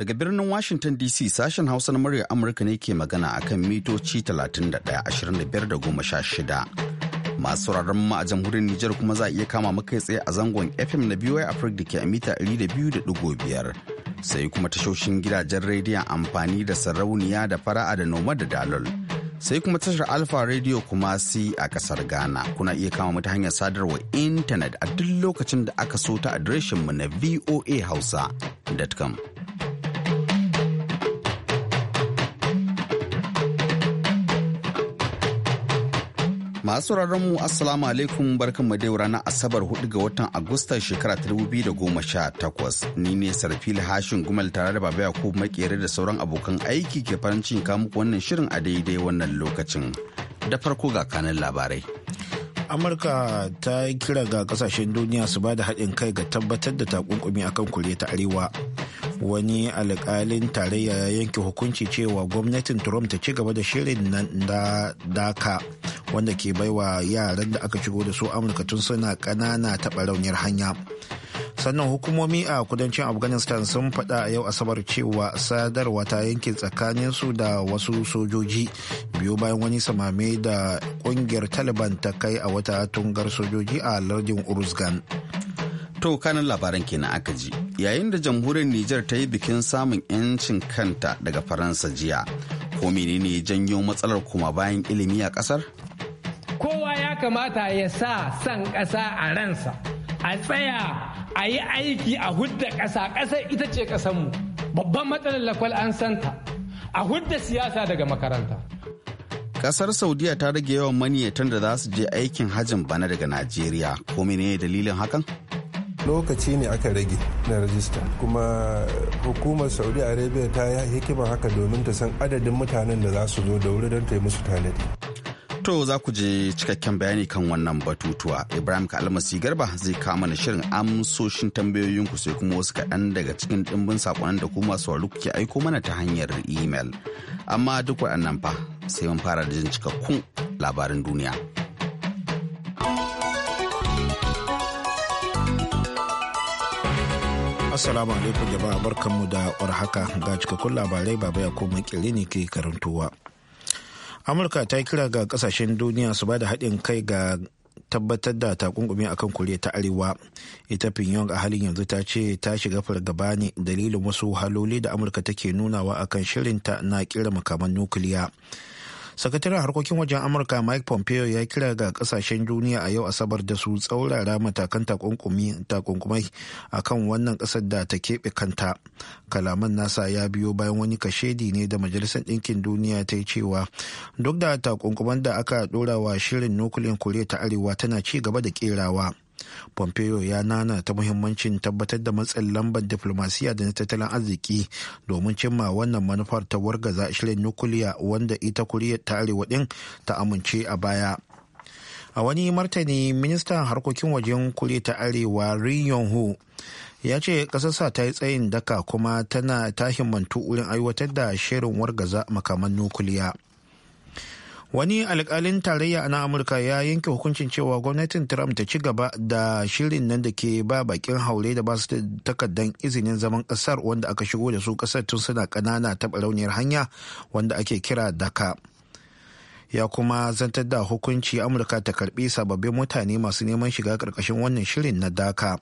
Daga birnin Washington DC sashen Hausa na murya Amurka ne ke magana a kan mitoci 31-25-16. Masu rarren ma a jamhuriyar Nijar kuma za a iya kama maka tsaye a zangon FM na BY Africa da ke a mita 200.5. Sai kuma tashoshin gidajen rediyon amfani da sarauniya da fara'a da noma da dalol. Sai kuma tashar Alfa Radio kuma si a kasar Ghana. Kuna iya kama mata hanyar sadarwa intanet a duk lokacin da aka so ta adireshinmu na voahausa.com. Masu mu Assalamu alaikum mu da ranar Asabar 4 ga watan Agusta shekara 2018. Ni ne Sarfil Hashin Gumal tare da Baba Yakubu makere da sauran abokan aiki ke farin cikin kamuku wannan shirin a daidai wannan lokacin. Da farko ga kanan labarai. Amurka ta yi kira ga kasashen duniya su ba da haɗin kai ga tabbatar da takunkumi akan kure ta Arewa. Wani alƙalin tarayya ya yanke hukunci cewa gwamnatin Trump ta ci gaba da shirin nan da daka. wanda ke baiwa yaran da aka shigo da su amurka tun suna kanana taɓa rauniyar hanya sannan hukumomi a kudancin afghanistan sun faɗa a yau asabar cewa sadarwa ta yanke tsakanin su da wasu sojoji biyu bayan wani samame da kungiyar taliban ta kai a wata tungar sojoji a lardin uruzgan to kanan labaran kenan aka ji yayin da jamhuriyar nijar ta yi bikin samun 'yancin kanta daga faransa jiya ko menene janyo matsalar kuma bayan ilimi a kasar kamata ya sa san ƙasa a ransa a tsaya a yi aiki a hudda ƙasa ƙasar ita ce ƙasanmu babban matsalar lakwal an santa a hudda siyasa daga makaranta kasar saudiya ta rage yawan maniyatan da za su je aikin hajjin bana daga najeriya ko ne dalilin hakan lokaci ne aka rage na rajista kuma hukumar saudi arabia ta yi hikimar haka domin ta san adadin mutanen da za su zo da wuri don ta yi musu tanadi To za ku je cikakken bayani kan wannan batutuwa. Ibrahim Kalmasi Garba zai kama na shirin amsoshin tambayoyinku sai kuma wasu kaɗan daga cikin ɗimbin saƙonan da kuma masu kuke aiko mana ta hanyar imel. Amma duk waɗannan fa sai mun fara da jin cikakkun labarin duniya. Assalamu alaikum jama'a barkanmu da warhaka ga cikakkun labarai baba ya koma ne ke karantowa. amurka ta yi kira ga kasashen duniya su ba da haɗin kai ga tabbatar da takunkumi akan koriya ta arewa ita pyongyang a halin yanzu ta ce ta shiga fargaba ne dalilin wasu haloli da amurka take nunawa akan shirinta na kira makaman nukiliya sakataren harkokin wajen amurka mike pompeo ya kira ga kasashen duniya a yau asabar da su tsaurara matakan takunkumai a kan wannan kasar da ta keɓe kanta kalaman nasa ya biyo bayan wani kashedi ne da majalisar ɗinkin duniya ta yi cewa duk da takunkuman da aka ɗora wa shirin nukiliyar koriya ta arewa tana ci gaba da ƙerawa pompeo ya nana ta muhimmancin tabbatar da matsin lambar diflomasiya da na tattalin arziki domin cimma wannan manufar ta wargaza shirin nukuliya wanda ita kuriya ta arewa din ta amince a baya a wani martani ministan harkokin wajen kuriya ta arewa ri yong ya ce ƙasarsa ta yi tsayin daka kuma tana ta himmantu wurin aiwatar da shirin wargaza makaman nukuliya. wani alkalin tarayya na amurka ya yanke hukuncin cewa gwamnatin trump ta ci gaba da shirin nan da ke ba bakin haure da ba su takardar izinin zaman kasar wanda aka shigo da su kasar tun suna ƙanana ta barauniyar hanya wanda ake kira daka ya kuma zantar da hukunci amurka ta karbi sababbin mutane masu neman shiga karkashin wannan shirin na daka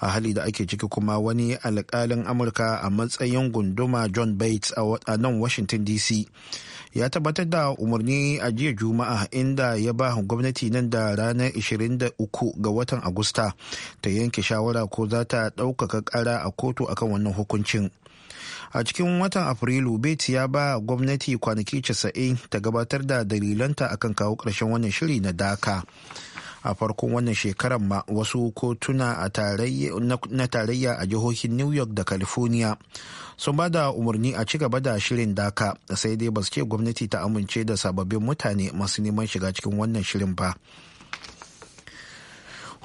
a hali da ake ciki kuma wani alkalin amurka a matsayin gunduma john bates a nan washington dc ya tabbatar da umarni a jiya juma'a inda ya ba gwamnati nan da ranar 23 ga watan agusta ta yanke shawara ko za ta ɗaukaka kara a kotu akan wannan hukuncin. a cikin watan afrilu beti ya ba gwamnati kwanaki 90 ta gabatar da dalilanta kan kawo ƙarshen wannan shiri na daka a farkon wannan shekarar ma wasu kotuna na tarayya a jihohin new york da california sun ba da umarni a ci gaba da shirin daka sai dai ba su ce gwamnati ta amince da sababbin mutane masu neman shiga cikin wannan shirin ba.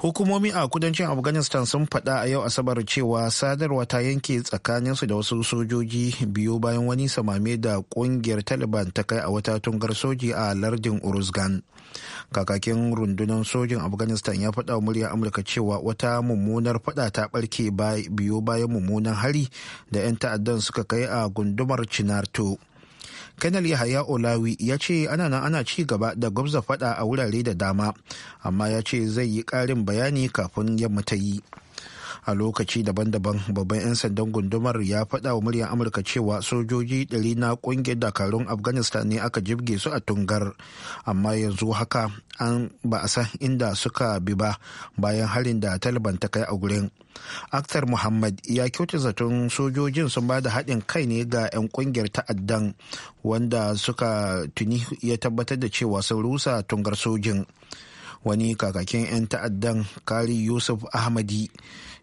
hukumomi a kudancin afghanistan sun faɗa a yau asabar cewa sadarwa ta yanke tsakaninsu da wasu sojoji biyu bayan wani samame da kungiyar taliban ta kai a wata tungar soji a lardin uruzgan kakakin rundunar sojin afghanistan ya faɗa murya amurka cewa wata mummunar faɗa ta ɓarke biyu bayan mummunan hari da 'yan ta'addan suka kai a gundumar chinarto kenel Yahaya Olawi ya ce ana nan ana ci gaba da gwamza fada a wurare da dama, amma ya ce zai yi ƙarin bayani kafin yamma ta yi. a lokaci daban-daban babban 'yan sandan gundumar ya faɗa wa muryar amurka cewa sojoji ɗari na ƙungiyar dakarun afghanistan ne aka jibge su a tungar amma yanzu haka an ba a san inda suka bi ba bayan harin da taliban ta kai a gurin aktar muhammad ya kyauta zaton sojojin sun ba da haɗin kai ne ga 'yan ƙungiyar ta'addan wanda suka tuni ya tabbatar da cewa sun rusa tungar sojin wani kakakin 'yan ta'addan kari yusuf ahmadi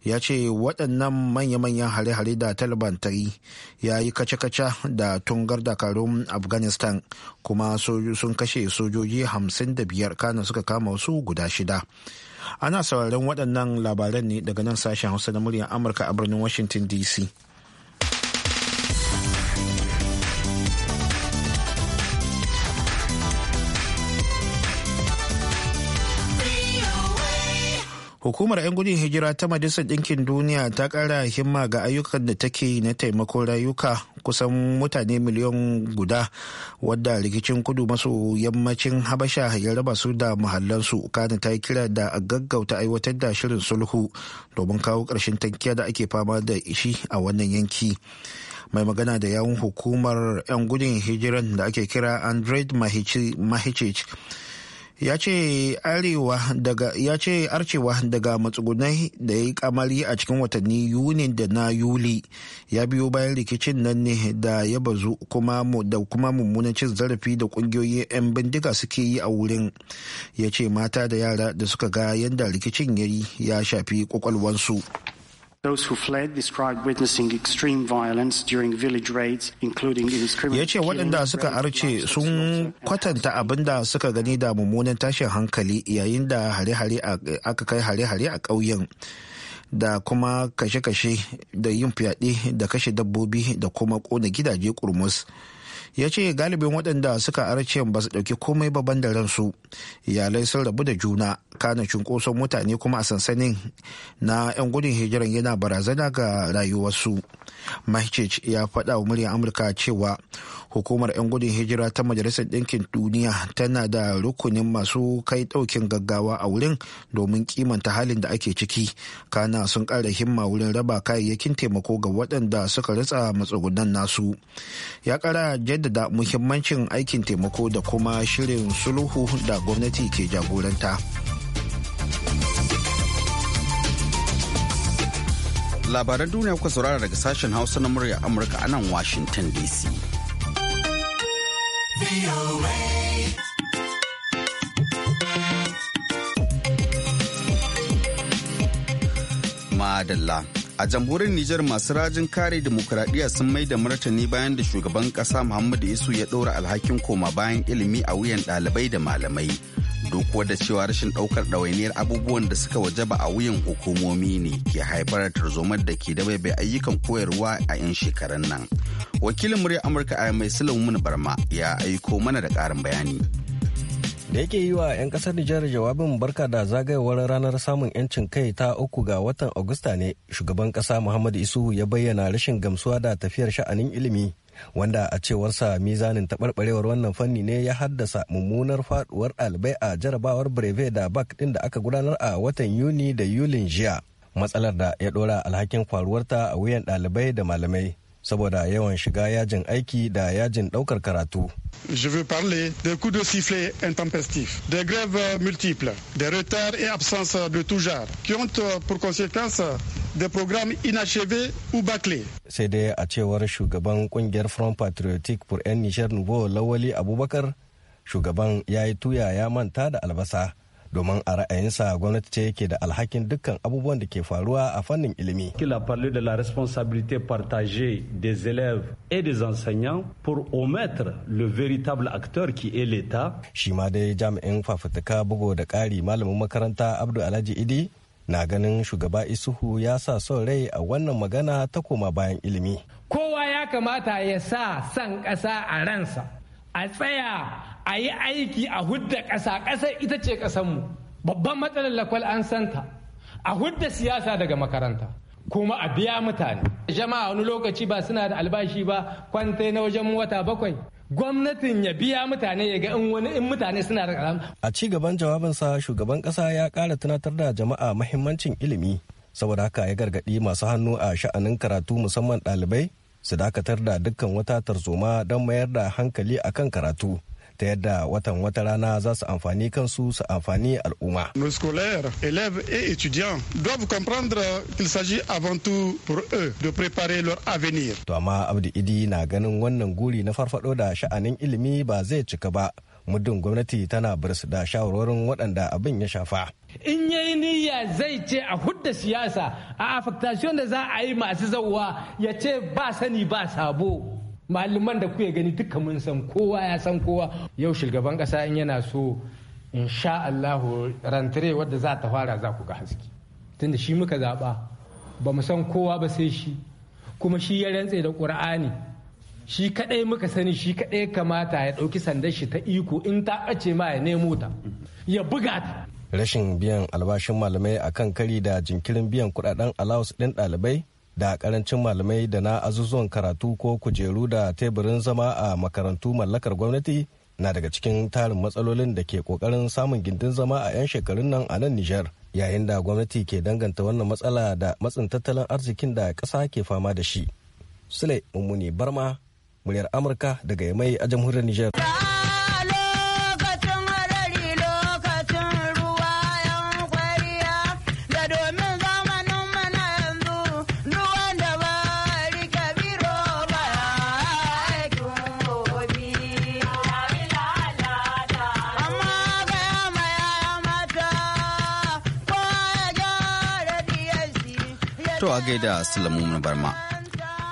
ya ce waɗannan manya-manyan hare-hare da taliban ta yi ya yi kace-kace da tungar dakarun afghanistan kuma sun kashe sojoji 55 kana suka kama wasu guda shida ana sauraron waɗannan labaran ne daga nan sashen hausa na muryar amurka a birnin washington dc hukumar 'yan gudun hijira ta majalisar ɗinkin duniya ta ƙara himma ga ayyukan da take na taimakon rayuka kusan mutane miliyan guda wadda rikicin kudu maso yammacin habasha ya raba su da muhallansu kana ta yi kira da a gaggauta aiwatar da shirin sulhu domin kawo ƙarshen tankiya da ake fama da shi a wannan yanki mai magana da yawun hukumar 'yan gudun hijiran da ake kira android mahicic ya ce arcewa daga matsugunai da ya yi kamari a cikin watanni yuni da na yuli ya biyo bayan rikicin nan ne da ya bazu da kuma mummunan cin zarafi da kungiyoyi 'yan bindiga suke yi a wurin ya ce mata da yara da suka ga yadda rikicin ya yi ya shafi kwakwalwansu. Those who fled described during including Ya ce waɗanda suka arce sun kwatanta abin da suka gani da mummunan tashin hankali yayin da hare aka kai hare-hare a ƙauyen. da kuma kashe-kashe da yin fyaɗe da kashe dabbobi da kuma ƙona gidaje kurmus. ya ce galibin waɗanda suka arce ba su ɗauki komai ba da ransu iyalai sun rabu da juna kana cunkoson mutane kuma a sansanin na 'yan gudun hijiran yana barazana ga rayuwarsu. Mahichich ya faɗa wa muryar Amurka cewa hukumar 'yan gudun hijira ta Majalisar Ɗinkin Duniya tana da rukunin masu kai ɗaukin gaggawa a wurin domin kimanta halin da ake ciki. Kana sun ƙara himma wurin raba kayayyakin taimako ga waɗanda suka ritsa matsugunan nasu. Ya ƙara jaddada muhimmancin aikin taimako da kuma shirin sulhu da gwamnati ke jagoranta. labaran duniya kuka saurara daga sashen hausa na murya amurka a nan washington dc madalla a jamhuriyar Nijar masu rajin kare demokuraɗiyya sun mai da martani bayan da shugaban ƙasa Muhammadu Isu ya ɗora alhakin koma bayan ilimi a wuyan ɗalibai da malamai. duk da cewa rashin ɗaukar ɗawainiyar abubuwan da suka wajaba a wuyan hukumomi ne ke haifar da tarzomar da ke dabaibai ayyukan koyarwa a 'yan shekaran nan wakilin murya amurka a mai sulaimun barma ya aiko mana da ƙarin bayani da yake yi wa 'yan kasar Nijar jawabin barka da zagayowar ranar samun 'yancin kai ta uku ga watan Agusta ne, shugaban kasa Muhammadu Isu ya bayyana rashin gamsuwa da tafiyar sha'anin ilimi wanda a cewarsa mizanin taɓarɓarewar wannan fanni ne ya haddasa mummunar faɗuwar ɗalibai a jarabawar breve da bak ɗin da aka gudanar a watan yuni da yulin jiya matsalar da ya ɗora alhakin faruwarta a wuyan ɗalibai da malamai Je veux parler des coups de sifflet intempestifs, des grèves multiples, des retards et absences de tout genre, qui ont euh, pour conséquence des programmes inachevés ou bâclés. C'est dai a cewar shugaban kungiyar Front patriotique pour un Niger Nouveau Lawali Abubakar, shugaban ya yi tuya manta albasa. domin a ra'ayinsa gwamnati ce yake da alhakin dukkan abubuwan da ke faruwa a fannin ilimi. Kila parle de la responsabilité partagée des élèves et des enseignants pour omettre le véritable acteur qui est l'État. Shi ma dai jami'in fafutuka bugo da ƙari malamin makaranta Abdul Alhaji Idi na ganin shugaba Isuhu ya sa son rai a wannan magana ta koma bayan ilimi. Kowa ya kamata ya sa son ƙasa a ransa a tsaya a yi aiki a hudda ƙasa ƙasa ita ce ƙasanmu babban matsalar lakwal an santa a hudda siyasa daga makaranta kuma a biya mutane jama'a wani lokaci ba suna da albashi ba kwantai na wajen wata bakwai gwamnatin ya biya mutane ya ga in wani in mutane suna da karam a ci gaban jawabinsa shugaban ƙasa ya ƙara tunatar da jama'a mahimmancin ilimi saboda haka ya gargaɗi masu hannu a sha'anin karatu musamman ɗalibai su dakatar da dukkan wata tarzoma don mayar da hankali akan karatu ta yadda watan wata rana za su amfani kansu su amfani al'umma. Nos scolaires, élèves et étudiants doivent comprendre qu'il s'agit avant tout pour eux de préparer leur avenir. To amma Abdu Idi na ganin wannan guri na farfado da sha'anin ilimi ba zai cika ba. muddin gwamnati tana birsu da shawarwarin waɗanda abin ya shafa. In yi niyya zai ce a hudda siyasa a affectation da za a yi masu zauwa ya ce ba sani ba sabo. malaman da kuke gani duka mun san kowa ya san kowa yau shugaban kasa in yana so insha Allahu rantare wadda za ta fara za ku ga haske tunda shi muka zaba ba mu san kowa ba sai shi kuma shi ya rantse da Qur'ani shi kadai muka sani shi kadai kamata ya dauki sandar shi ta iko in ta ɓace ma ya nemo ta ya buga ta rashin biyan albashin malamai akan kari da jinkirin biyan kudaden allowance din dalibai. da karancin malamai da na azuzuwan karatu ko kujeru da teburin zama a makarantu mallakar gwamnati na daga cikin tarin matsalolin da ke kokarin samun gindin zama a 'yan shekarun nan a nan Nijar yayin da gwamnati ke danganta wannan matsala da matsin tattalin arzikin da ƙasa ke fama da shi. Sule Mummuni Barma, muryar Amurka daga Yamai a jamhuriyar Nijar. To a gaida na Barma.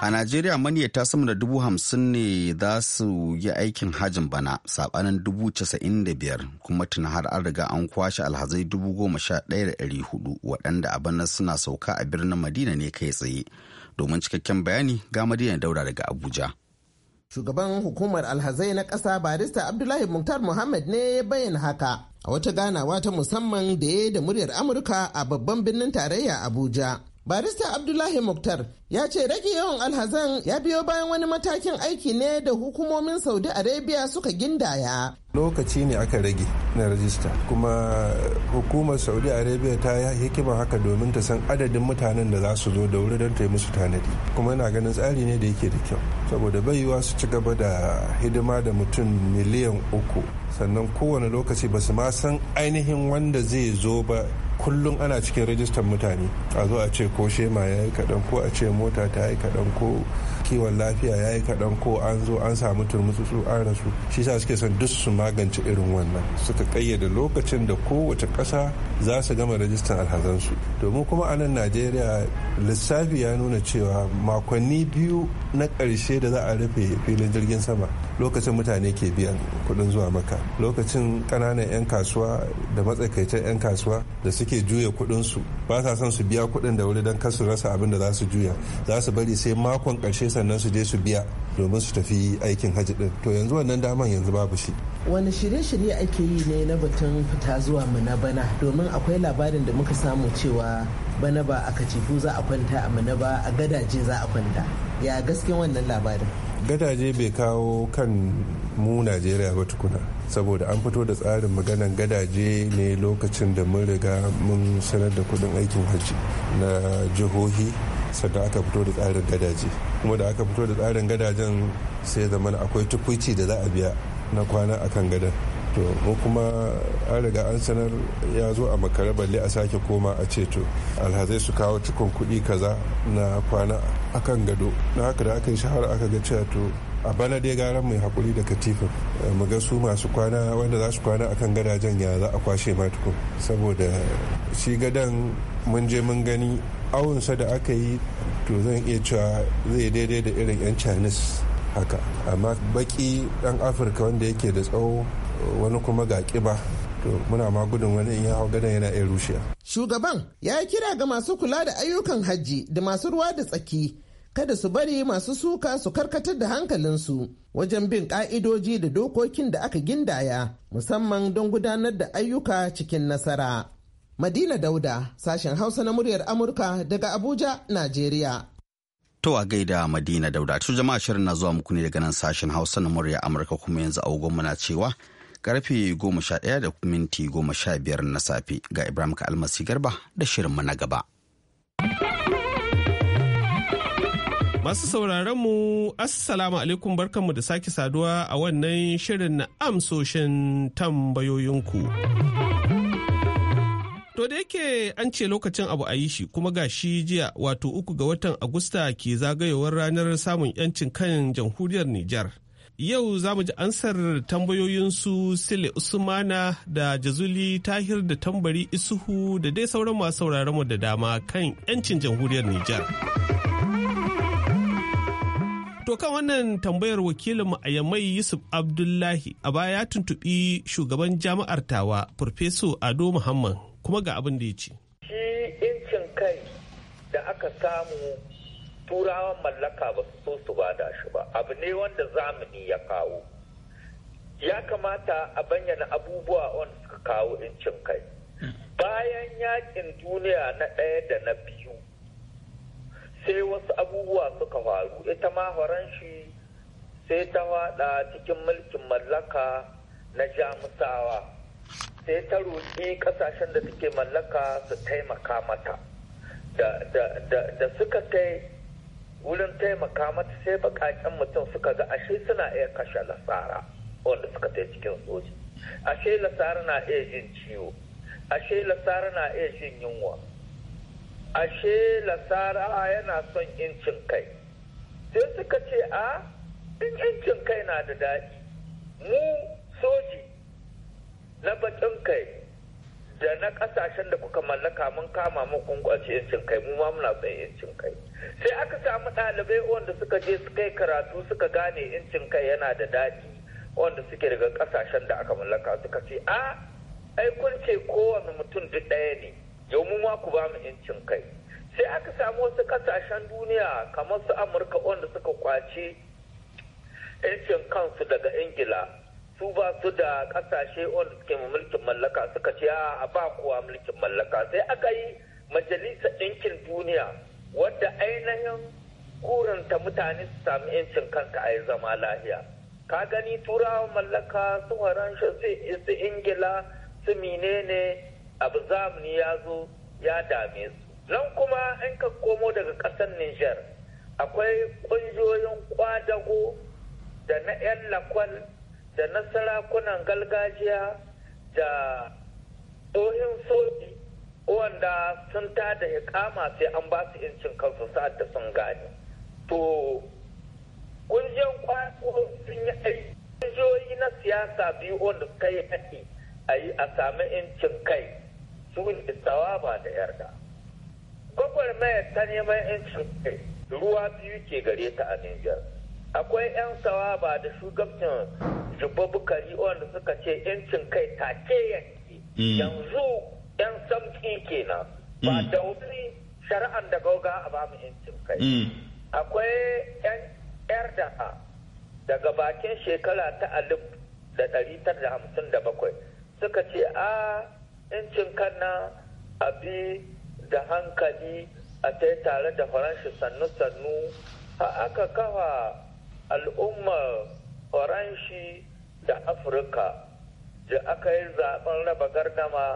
A Najeriya maniyata sama da dubu hamsin ne za su yi aikin hajin bana sabanin dubu casa'in da biyar kuma tun har an riga an kwashe alhazai dubu goma sha ɗaya da ɗari hudu waɗanda a bana suna sauka a birnin Madina ne kai tsaye. Domin cikakken bayani ga Madina Daura daga Abuja. Shugaban hukumar alhazai na ƙasa barista Abdullahi Muktar Muhammad ne ya bayyana haka a wata ganawa ta musamman da ya da muryar Amurka a babban birnin tarayya Abuja. barista abdullahi mukhtar ya ce rage yawan alhazan ya biyo bayan wani matakin aiki ne da hukumomin saudi arabia suka gindaya lokaci ne aka rage na rajista kuma hukumar saudi arabia ta yi hikima haka domin ta san adadin mutanen da za su zo da wuri don ta yi musu tanadi kuma yana ganin tsari ne da yake da kyau saboda baiwa su ci gaba da hidima da mutum miliyan uku sannan kowane lokaci ba su ma san ainihin wanda zai zo ba kullum ana cikin rajistan mutane a zo a ce ko shema ya yi kaɗan ko a ce mota ta yi kaɗan ko kiwon lafiya ya yi kaɗan ko an zo an samu turmutsutsu an rasu shi sa suke son duk su magance irin wannan suka ƙayyade lokacin da kowace ƙasa za su gama rajistan alhazansu domin kuma a nan najeriya lissafi ya nuna cewa makonni biyu na ƙarshe da za a rufe filin jirgin sama lokacin mutane ke biyan kuɗin zuwa maka lokacin ƙananan 'yan kasuwa da matsakaitan 'yan kasuwa da suke juya kuɗinsu ba sa son su biya kuɗin da wuri don kasu rasa abin da za su juya za su bari sai makon ƙarshe sannan su je su biya domin su tafi aikin hajji din to yanzu wannan daman yanzu babu shi wani shirye-shirye ake yi ne na batun fita zuwa mana bana domin akwai labarin da muka samu cewa bana ba a kacifu za a kwanta a mana ba a gadaje za a kwanta ya gaske wannan labarin gadaje bai kawo kan mu najeriya ba tukuna saboda an fito da tsarin maganan gadaje ne lokacin da mun riga mun sanar da kudin aikin hajji na jihohi sannan aka fito da tsarin gadaje kuma da aka fito da tsarin gadajen sai zamana akwai tukwici da za a biya na kwana akan gadan to mu kuma an riga an sanar ya zo a makare balle a sake koma a ce to alhazai su kawo cikon kuɗi kaza na kwana akan gado na haka da aka yi shahara aka ga cewa to a bana dai gara mai hakuri da katifin mu ga su masu kwana wanda za su kwana akan gadajen ya za a kwashe matukun saboda shi gadan mun je mun gani awunsa da aka yi to zan iya cewa zai daidai da irin 'yan chinese haka amma baki dan afirka wanda yake da tsawo wani kuma ga kiba to muna ma gudun wani in ya hau gadon yana iya rushiya shugaban ya yi kira ga masu kula da ayyukan hajji da masu ruwa da tsaki kada su bari masu suka su karkatar da hankalinsu wajen bin ka'idoji da dokokin da aka gindaya musamman don gudanar da ayyuka cikin nasara Madina Dauda, sashen Hausa na muryar Amurka daga Abuja, Najeriya. To a gaida Madina Dauda, to jama'a shirin na zuwa muku ne daga nan sashen Hausa na muryar Amurka kuma yanzu agogonmu muna cewa karfe goma sha ɗaya da minti goma sha biyar na safe ga Ibrahim ka Almasi Garba da mu na gaba. Masu sauraron mu Assalamu alaikum barkanmu da sake saduwa a wannan shirin na amsoshin tambayoyinku. To da yake an ce lokacin abu a yi shi kuma ga shi jiya wato uku ga watan Agusta ke zagayowar ranar samun 'yancin kan jamhuriyar Nijar. Yau za mu ji ansar tambayoyinsu Sile Usmana da Jazuli Tahir da Tambari Isuhu da dai sauran masu sauraron mu da dama kan 'yancin jamhuriyar Nijar. To kan wannan tambayar wakilinmu a Yamai Yusuf Abdullahi a baya ya tuntuɓi shugaban jami'ar tawa Farfeso Ado Muhammad kuma ga abin da ya ce shi incin kai da aka samu turawan mallaka ba su so su bada shi ba abu ne wanda zamani ya kawo ya kamata a bayyana abubuwa wanda suka kawo incin kai bayan yakin duniya na ɗaya da na biyu sai wasu abubuwa suka faru ita ma faranshi sai ta faɗa cikin mulkin mallaka na jamusawa sai ta roƙi ƙasashen da suke mallaka su taimaka mata da suka tai wurin taimaka mata sai baƙaƙen mutum suka ga ashe suna iya kashe lasara wanda suka tai cikin soji ashe lasara na iya jin ciwo ashe lasara na iya jin yunwa ashe lasara yana son incin kai sai suka ce a ah, in incin kai na da daɗi mu soji na bakin kai da na kasashen da kuka mallaka mun kama mu kun kwace yancin kai mu ma muna son yancin kai sai aka samu ɗalibai wanda suka je suka yi karatu suka gane yancin kai yana da daɗi wanda suke daga kasashen da aka mallaka suka ce a ai kun ce kowane mutum duk ɗaya ne yau mu ma ku ba mu yancin kai sai aka samu wasu kasashen duniya kamar su amurka wanda suka kwace yancin kansu daga ingila su ba su da kasashe wanda suke mulkin mallaka suka ce a ba kowa mulkin mallaka sai aka yi majalisar ɗinkin duniya wadda ainihin kuranta mutane su sami 'yancin kanka a yi zama lahiya ka gani turawa mallaka su haransha su ingila su menene abu zamani ya zo ya dame su nan kuma in ka komo daga ƙasar niger akwai ƙungiyoyin kwadago da na 'yan lakwal da na sarakunan gargajiya da tsohin soji wanda sun ta da hikama sai an ba su yancin kansu sa'ad da sun gane to kungiyar sun yi aiki na siyasa biyu wanda suka yi haɗi a yi a sami yancin kai su ne ba da yarda gwagwarmayar ta neman yancin kai ruwa biyu ke gare ta a Nijar. akwai 'yan sawaba da shugabcin zubabu kari wanda suka ce 'yancin kai take yanki mm. yanzu 'yan samki kenan ba mm. da wuri shari'an da gauga a ba mu 'yancin kai mm. akwai 'yan yarda daga bakin shekara ta alif da ɗari da hamsin da bakwai suka ce a 'yancin kan na abi da hankali a tare da faranshi sannu-sannu a aka kawa al'ummar faranshi da afirka da aka yi zaben raba gardama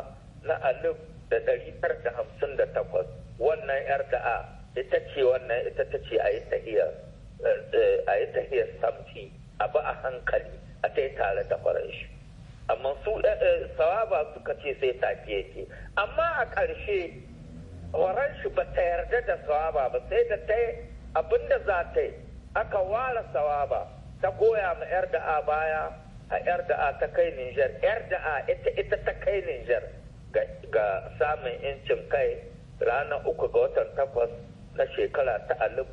na alif da ɗari da hamsin da takwas wannan yar da'a ita ce wannan ita ta ce a yi tahiyar eh, samti a ba a hankali a ta yi tare da faranshi amma su eh, eh, sawaba suka ce sai tafi yake amma a ƙarshe faranshi ba ta yarda da sawaba ba sai da ta yi abinda za ta yi aka ware sawaba ta goya ma yar a baya a yar a ta kai Nijar yar a ita ita ta kai Nijar ga samun incin kai ranar uku ga watan takwas na shekara ta alif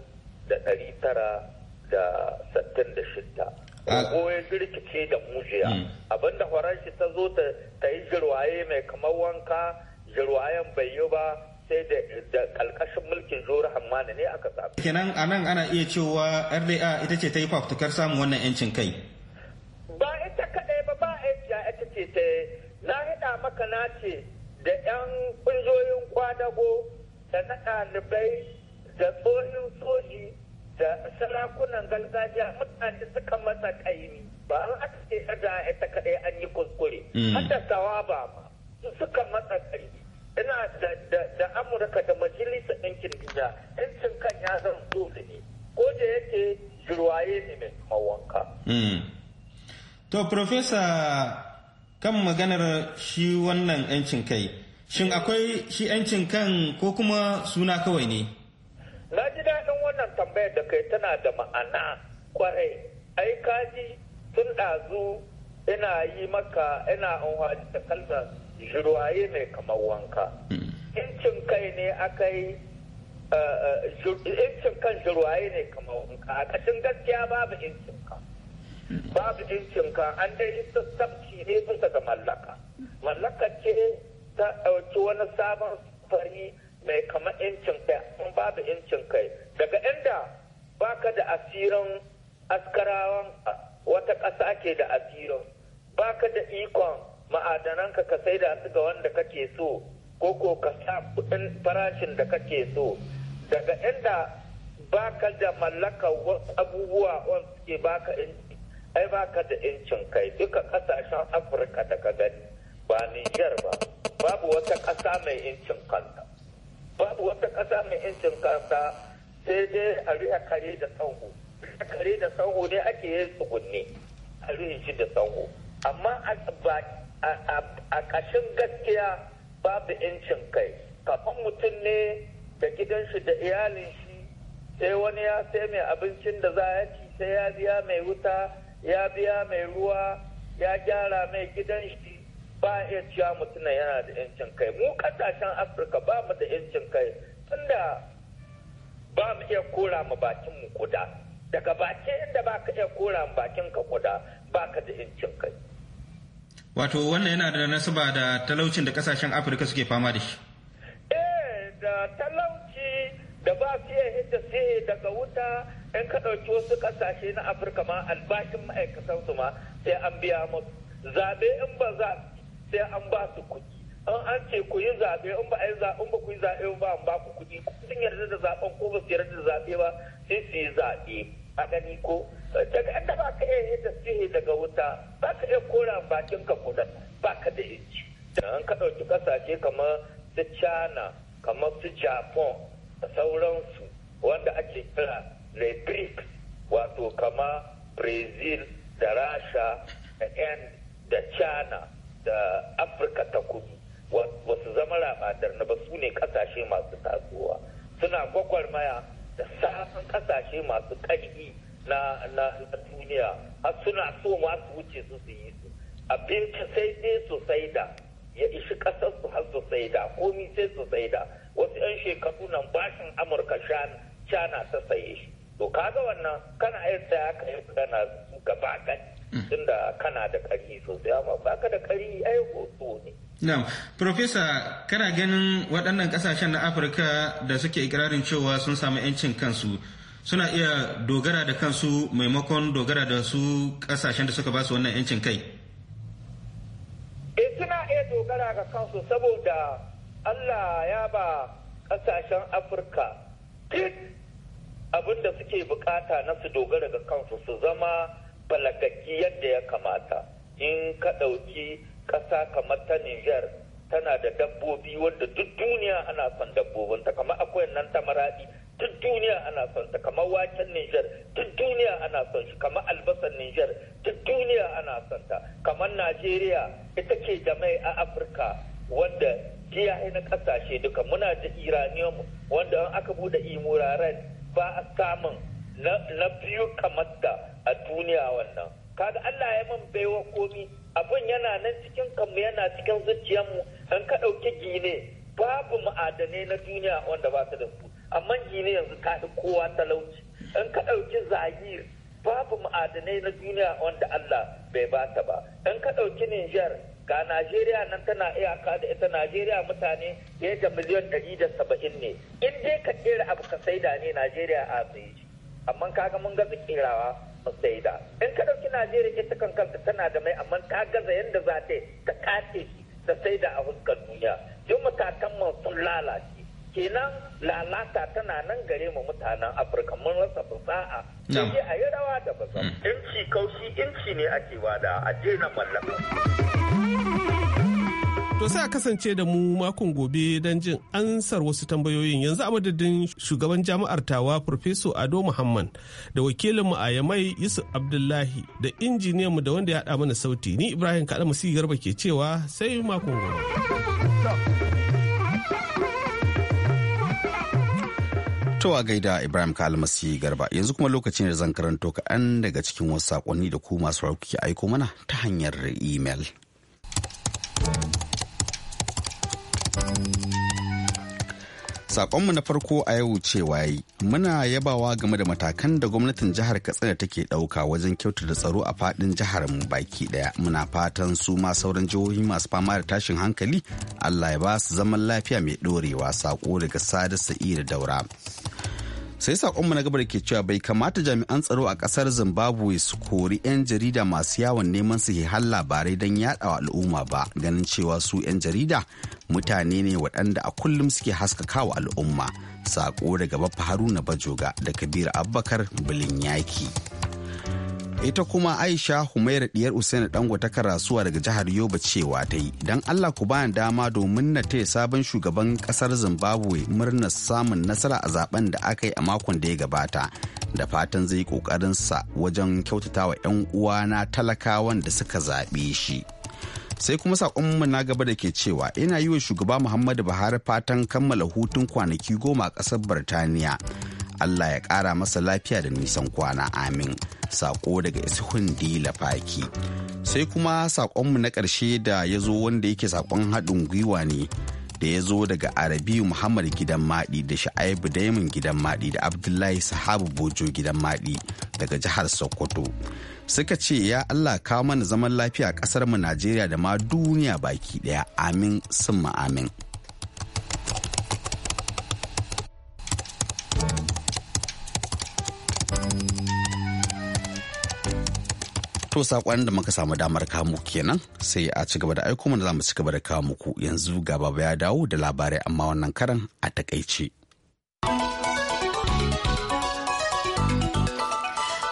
da ɗari tara da sattin da shidda. goya girki girkice da mujiya hmm. abinda shi ta zo ta yi jirwaye mai kamar wanka jirwayen bai yi ba sai da kalkashin mulkin zuwa hamana ne aka samu. kenan a nan ana iya cewa rda ita ce ta yi fafutukar samun wannan yancin kai ba ita kaɗai ba ba ita ce ta na hida maka na ce da yan ƙungiyoyin kwadago da na ɗalibai da tsohon soji da sarakunan gargajiya mutane suka masa kaimi ba an aka ce ita kaɗai an yi kuskure. Mm. Hatta tawa ba suka matsa ƙarfi. ina da amurka da majalisar ɗinkin duniya yancin kan ya zan dole ne ko da yake jirwaye ne mai mawanka. Hmm. to profesa kan maganar shi wannan yancin kai shin akwai shi yancin kan ko kuma suna kawai ne na ji daɗin wannan tambayar da kai tana da ma'ana kwarai ai kaji tun ɗazu ina yi maka ina unhaji da kalmar jirwaye mai kamar wanka incin kai ne aka yi eh, eh, incin kan jirwaye ne kamar wanka a ƙashin gaskiya babu incin kan babu incin kan an dai sassabci ne bisa ga mallaka mallaka ce ta ɗauki wani sabon fari mai kamar incin kai an babu incin kai daga inda baka da asirin askarawan wata ƙasa ke da asirin baka da ikon ma'adananka ka saida su ga wanda kake so ko ko ka sa kudin farashin da kake so daga inda ba ka da mallaka wasu abubuwa wanda suke baka ai ka da incin kai duka kasashen afirka da ka gani ba niger ba babu wata ƙasa mai incin kanta babu wata ƙasa mai incin kanta sai dai a riya kare da sango kare da sango ne ake yin tsugunne a riya shi da sango amma a baki a kashin gaskiya babu 'yancin kai kafin mutum ne da gidansu da iyalin shi sai wani ya sai mai abincin da za ya ci sai ya biya mai wuta ya biya mai ruwa ya gyara mai gidan shi ba iya cewa mutum yana da 'yancin kai mu kasashen afirka ba mu da 'yancin kai tunda ba mu iya kora ma bakin mu kuda daga bakin inda ba ka iya kora ma bakin ka kuda ba ka da 'yancin kai Wato wannan yana da nasaba da talaucin da kasashen Afirka suke fama da shi. Eh da talauci da ba su iya hidda sihe daga wuta in ka ɗauki wasu ƙasashe na Afirka ma albashin ma'aikatan su ma sai an biya musu. Zaɓe in ba za sai an ba su kuɗi. In an ce ku yi zaɓe in ba a yi zaɓe ba ku yi zaɓe ba an ba ku kuɗi. Sun yarda da zaɓen ko ba su yarda da zaɓe ba sai su yi zaɓe. A gani ko daga inda ba ka iya da sihi daga wuta ba ka iya kora bakin ka kudan ba ka da yanci an ka ɗauki ƙasashe kamar su china kamar su japan da sauransu wanda ake kira rebrik wato kama brazil da rasha da end da china da afirka ta kudu Wasu zama rabadar na ba su ne ƙasashe masu tasowa suna gwagwarmaya da sabon ƙasashe masu ƙarfi na duniya har suna so ma su wuce su su yi su abinci sai dai su da ya ishi kasar su har su da komi sai su da wasu 'yan shekaru nan bashin amurka shana ta saye shi to kaga wannan kana iya tsaya ka yi kana su gaba mm. tunda kana da ƙari sosai amma baka da ƙari ai hoto ne Nam, Profesa, kana ganin waɗannan ƙasashen na Afirka da suke ikirarin cewa sun samu 'yancin kansu suna iya dogara da kansu maimakon dogara da su kasashen da suka ba su wannan 'yancin kai? Eh suna iya dogara ga kansu saboda Allah ya ba kasashen Afirka duk abin da suke bukata na su dogara ga kansu su zama balagaggi yadda ya kamata. In ka ɗauki ƙasa kamar ta Nijar tana da dabbobi wanda duk duniya ana son dabbobinta kamar akwai nan ta maraɗi duk duniya ana son sa kamar waken Nijar tun duniya ana son shi kamar albasar Nijar tun duniya ana son ta kamar Najeriya ita ke da mai a Afirka wanda jiya na kasashe duka muna da iranium wanda an aka bude imuraren ba a samun na biyu kamar da a duniya wannan kaga Allah ya man baiwa komi abin yana nan cikin kanmu yana cikin zuciyarmu an ka ɗauki gine babu ma'adanai na duniya wanda ba su da su amma gini yanzu ka kowa talauci in ka ɗauki zahir babu ma'adanai na duniya wanda Allah bai ba ta ba in ka ɗauki Nijar ga Najeriya nan tana iyaka da ita Najeriya mutane ya da miliyan ɗari da saba'in ne in dai ka ƙera abu ka saida ne Najeriya a tsaye amma kaga mun gaza ƙerawa mu saida in ka ɗauki Najeriya ita kan kanta tana da mai amma ka gaza yadda za ta ta kace shi ta saida a fuskar duniya yau matakan mu sun lalace kenan lalata tana nan gare mu mutanen afirka mun rasa fasaha a yi rawa da bazan. Mm. inci kaushi inci ne ake wada a daina mallaka To sai a kasance da mu makon gobe don jin ansar wasu tambayoyin yanzu a madadin shugaban jami'ar tawa Farfeso Ado Muhammad da wakilinmu a Yamai Yusuf Abdullahi da injiniyanmu da wanda ya haɗa mana sauti ni Ibrahim Kaɗa Garba ke cewa sai makon gobe. To a gaida Ibrahim Kalmasi Garba yanzu kuma lokacin da zan karanto kaɗan daga cikin wasu saƙonni da ku masu kuke aiko mana ta hanyar imel. Sakonmu na farko a yau cewa yi muna yabawa game da matakan da gwamnatin jihar Katsina take ɗauka wajen kyautata tsaro a faɗin jihar mu baki ɗaya. Muna fatan su ma sauran jihohi masu fama da tashin hankali Allah ya ba su zaman lafiya mai ɗorewa sako daga Sadi da Daura. sai saƙonmu na gabar ke cewa bai kamata jami'an tsaro a ƙasar zimbabwe su kori 'yan jarida masu yawon neman su hal labarai don wa al'umma ba ganin cewa su 'yan jarida mutane ne waɗanda a kullum suke haskaka wa al'umma saƙo daga bafa haruna bajoga da kabir abubakar bulin yaki. ita kuma aisha humaira diyar usaini dango ta karasuwa daga jihar yoba cewa ta yi don allah ku bani dama domin na taya sabon shugaban kasar zimbabwe murnar samun nasara a zaben da aka yi a makon da ya gabata da fatan zai kokarin sa wajen kyautata wa 'yan na talakawan da suka zaɓe shi sai kuma mu na gaba da ke cewa ina yi wa shugaba muhammadu buhari fatan kammala hutun kwanaki goma a ƙasar birtaniya Allah ya ƙara masa lafiya da nisan kwana amin sako daga ishun dila faki sai kuma sakonmu na ƙarshe da ya zo wanda yake sakon haɗin gwiwa ne da ya zo daga arabiyu muhammad gidan maɗi da sha'aibu daimun gidan maɗi da abdullahi sahabu bojo gidan maɗi daga jihar sokoto suka ce ya allah kawo mana zaman lafiya ƙasar mu najeriya da ma duniya baki ɗaya amin sun amin. To sakon da muka samu damar kamu kenan sai a ci gaba da aiko mana za mu ci gaba da kamu ku yanzu gaba ya dawo da labarai amma wannan karan a takaice.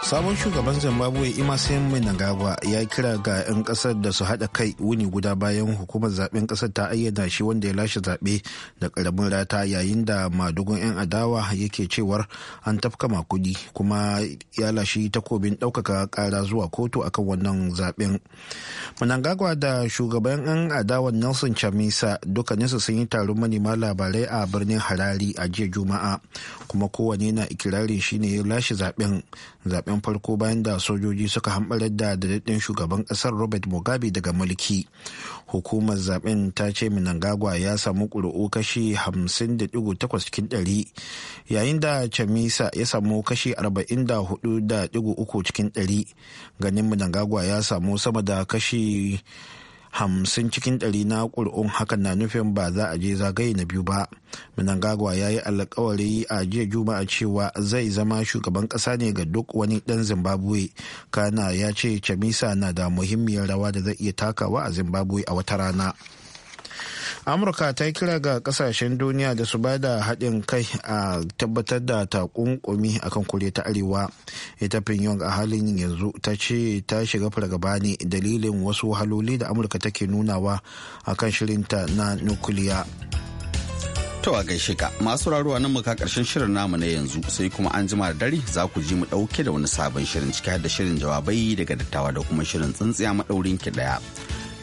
sabon shugaban zimbabwe emerson mnangagwa ya kira ga 'yan kasar da su haɗa kai wuni guda bayan hukumar zaben kasar ta ayyana shi wanda ya lashe zaɓe da ƙaramin rata yayin da madugun 'yan adawa yake cewar an tafka makudi kuma ya lashe takobin ɗaukaka ƙara zuwa kotu akan wannan zaben mnangagwa da shugaban 'yan adawan nelson chamisa dukkaninsu sun yi taron manema labarai a birnin harare a jiya juma'a kuma kowane na ikirarin shine ya lashe zaben zaben farko bayan da sojoji suka hambarar da daɗaɗɗen shugaban ƙasar robert mugabe daga mulki hukumar zaben ta ce minangagwa ya samu ƙuri'u kashi 50.8 cikin 100 yayin da chamisa ya samu kashi 44.3 cikin 100 ganin minangagwa ya samu sama da kashi hamsin cikin ɗari na ƙuri'un hakan na nufin ba za a je zagaye na biyu ba minangagwa ya yi alkawari a jiya juma'a cewa zai zama shugaban ƙasa ne ga duk wani ɗan zimbabwe kana ya ce chamisa na da muhimmiyar rawa da zai iya takawa a zimbabwe a wata rana amurka ta yi kira ga kasashen duniya da su ba da haɗin kai a tabbatar da takunkumi akan koriya ta arewa ita pyongyang a halin yanzu ta ce ta shiga fargaba ne dalilin wasu haloli da amurka take nunawa akan shirinta na nukiliya. To a gaishe ka masu raruwa nan muka karshen shirin namu na yanzu sai kuma an jima da dare za ku ji mu dauke da wani sabon shirin cike da shirin jawabai daga dattawa da kuma shirin tsintsiya madaurin ki daya.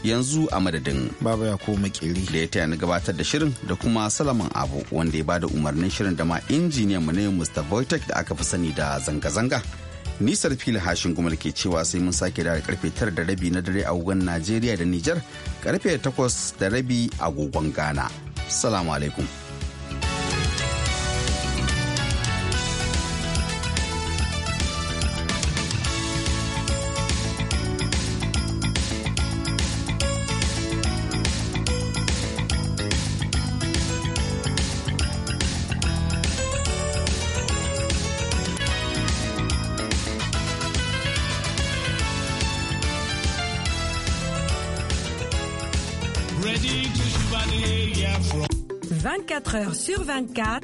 yanzu a madadin baba ya koma kiri da ya taya ni gabatar da shirin da kuma salaman abu wanda ya bada umarnin shirin da ma injiniyan mu ne mr voitek da aka fi sani da zanga-zanga nisar fili hashin da ke cewa sai mun sake da karfe tara da rabi na dare a agogon najeriya da niger karfe takwas da rabi agogon ghana salamu alaikum 24 heures sur 24